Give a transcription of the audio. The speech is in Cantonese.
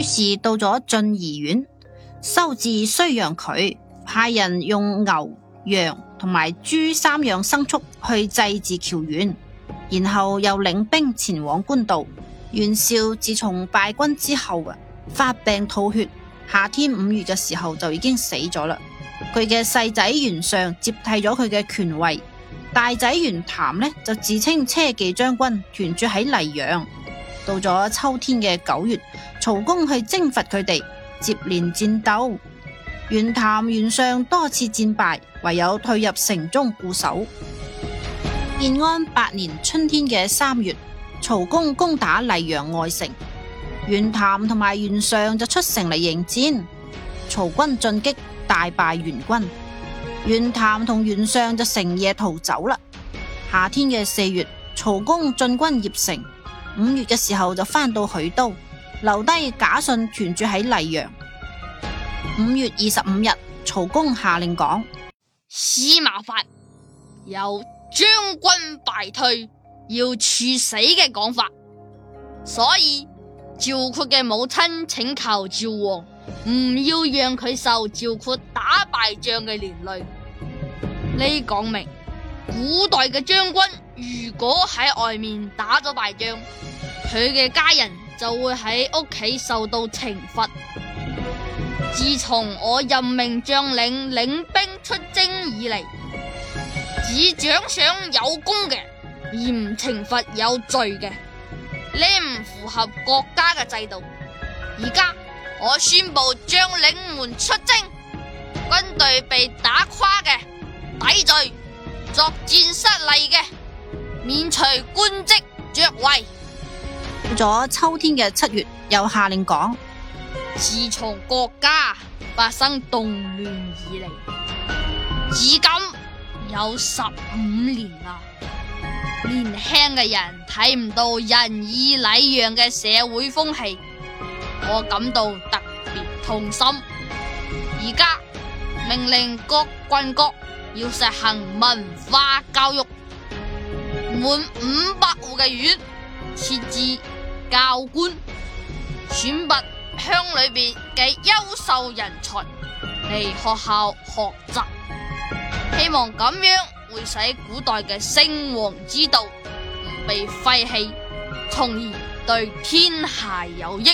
於是到咗浚儀縣，修治衰楊渠，派人用牛、羊同埋豬三樣牲畜去祭祀橋縣，然後又領兵前往官渡。袁紹自從敗軍之後啊，發病吐血，夏天五月嘅時候就已經死咗啦。佢嘅細仔袁尚接替咗佢嘅權位，大仔袁譚呢就自稱車騎將軍團在，屯住喺黎陽。到咗秋天嘅九月，曹公去征伐佢哋，接連戰鬥。袁譚、袁尚多次戰敗，唯有退入城中固守。建安八年春天嘅三月，曹公攻打黎陽外城，袁譚同埋袁尚就出城嚟迎戰，曹軍進擊，大敗袁軍。袁譚同袁尚就成夜逃走啦。夏天嘅四月，曹公進軍鄴城。五月嘅時候就翻到許都，留低假信屯住喺黎陽。五月二十五日，曹公下令講司馬法，有將軍敗退要處死嘅講法，所以趙括嘅母親請求趙王唔要讓佢受趙括打敗仗嘅連累。呢講明古代嘅將軍如果喺外面打咗敗仗，佢嘅家人就會喺屋企受到懲罰。自從我任命將領領兵出征以嚟，只獎賞有功嘅，而唔懲罰有罪嘅。呢唔符合國家嘅制度。而家我宣佈將領們出征，軍隊被打垮嘅抵罪，作戰失利嘅免除官職爵位。咗秋天嘅七月，又下令講：自從國家發生動亂以嚟，至今有十五年啦。年輕嘅人睇唔到仁義禮讓嘅社會風氣，我感到特別痛心。而家命令各郡國要實行文化教育，滿五百戶嘅縣設置。教官，選拔鄉裏邊嘅優秀人才嚟學校學習，希望咁樣會使古代嘅聖王之道唔被廢棄，從而對天下有益。